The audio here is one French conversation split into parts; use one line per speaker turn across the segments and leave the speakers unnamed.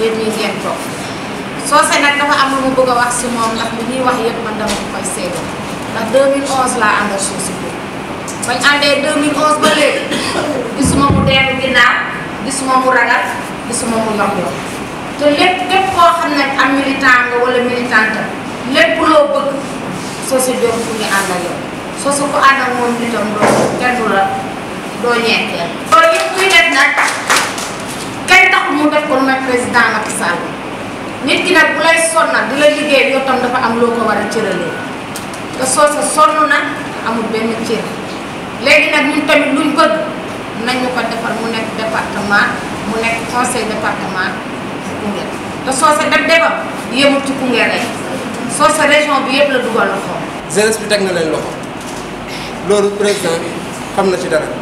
yéen ñi ngeen toog soose nag dafa am lu mu bëgg a wax si moom ndax li ñuy wax yëpp man dama ko koy seede ndax 2011 laa àndal soose boobu bañ àndee 2011 ba léegi gisuma mu dellu ginnaaw gisuma mu ragal gisuma mu yomb te lépp képp koo xam ne am militant nga wala militante lépp loo bëgg soose doom fu ñu àndal yow soose ku ànd ak moom nitam doo kenn du la doo ñeenteel loolu yëpp kuy def nag mu def kon lu may président Macky Sall nit ki nag bu lay sonnal di la liggéey yow tam dafa am loo ko war a cëralee te soo sa sonn na amul benn cër léegi nag ñun tamit luñ bëgg nañu ko defal mu nekk département mu nekk conseil département bu Koungheul te soo sa def defal yëmul ci Koungheul rek soo sa région bi yëpp la dugal loxo.
jeunesse bi teg na leen loxo loolu président xam na ci dara.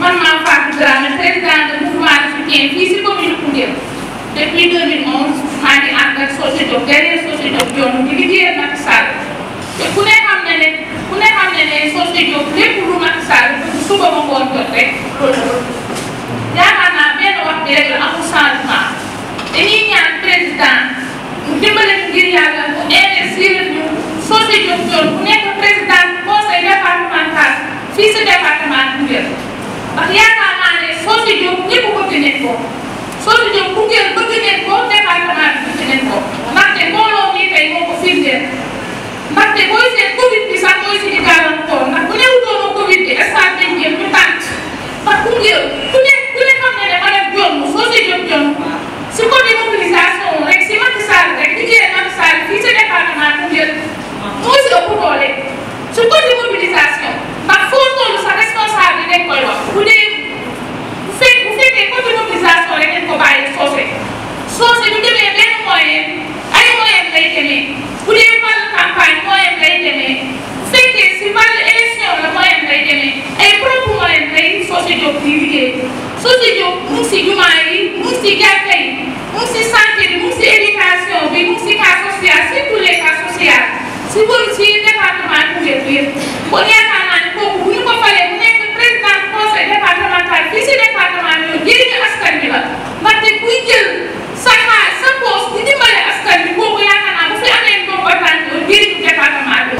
man maa Fatou Dramé présidente de mouvement de soutien fii si commune Koungheul depuis 2011 maa ngi ànd ak Socédop derrière Socédop yoon di liggéeyal Macky Sall te ku ne xam ne ne ku ne xam ne ne Socédop lépp lu Macky Sall bëgg suba ma ngoon jot rek loolu la yaakaar naa benn wax bi rek la amul changement dañuy ñaan soo di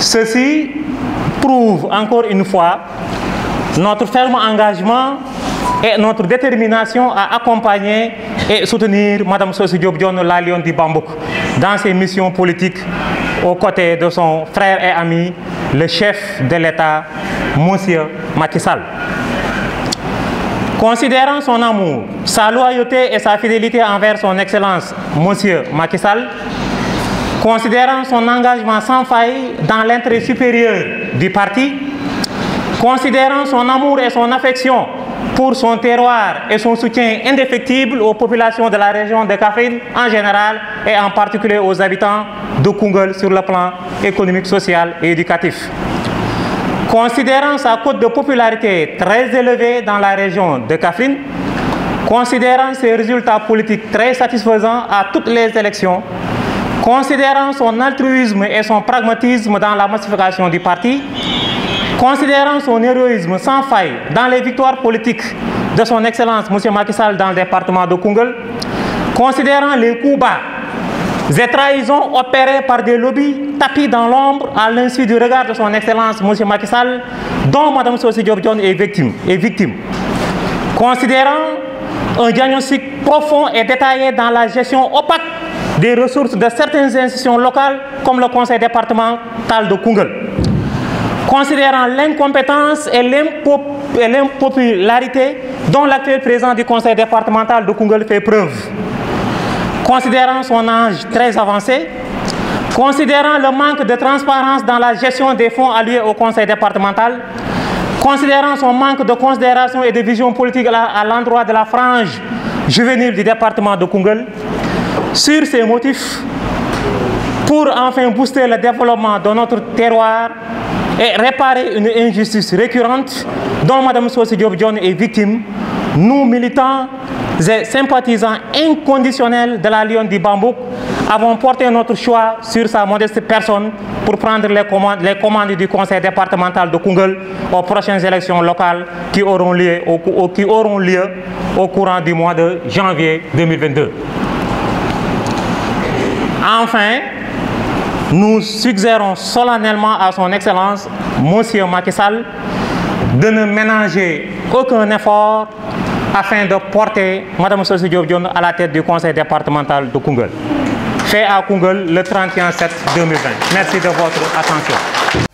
Ceci prouve encore une fois notre ferme engagement et notre détermination à accompagner et soutenir Mme Sosidiop la Lalion de Bambouk dans ses missions politiques aux côtés de son frère et ami, le chef de l'État, Monsieur Macky Sall. Considérant son amour, sa loyauté et sa fidélité envers son Excellence, Monsieur Macky Sall, considérant son engagement sans faille dans l'intérêt supérieur du parti, considérant son amour et son affection pour son terroir et son soutien indéfectible aux populations de la région de Kafrine en général et en particulier aux habitants de Kungel sur le plan économique, social et éducatif. Considérant sa cote de popularité très élevée dans la région de Kafrine, considérant ses résultats politiques très satisfaisants à toutes les élections, considérant son altruisme et son pragmatisme dans la massification du parti, Considérant son héroïsme sans faille dans les victoires politiques de son Excellence M. Macky Sall dans le département de Kungel, considérant les coups bas et trahisons opérées par des lobbies tapis dans l'ombre à l'insu du regard de son Excellence M. Macky Sall, dont Mme Sosi Diop est victime, est victime. Considérant un diagnostic profond et détaillé dans la gestion opaque des ressources de certaines institutions locales comme le conseil départemental de Kungel considérant l'incompétence et l'impopularité dont l'actuel président du conseil départemental de Kungel fait preuve, considérant son âge très avancé, considérant le manque de transparence dans la gestion des fonds alliés au conseil départemental, considérant son manque de considération et de vision politique à l'endroit de la frange juvénile du département de Kungel, sur ces motifs, pour enfin booster le développement de notre terroir, et réparer une injustice récurrente dont Mme Sosi Diop John est victime, nous militants et sympathisants inconditionnels de la Lyon du Bambouk avons porté notre choix sur sa modeste personne pour prendre les commandes, les commandes du conseil départemental de Kungel aux prochaines élections locales qui auront lieu au, qui auront lieu au courant du mois de janvier 2022. Enfin, nous suggérons solennellement à son Excellence, Monsieur Macky Sall, de ne ménager aucun effort afin de porter Mme Sosidio Diop à la tête du conseil départemental de Kungel. Fait à Kungel le 31 septembre 2020. Merci de votre attention.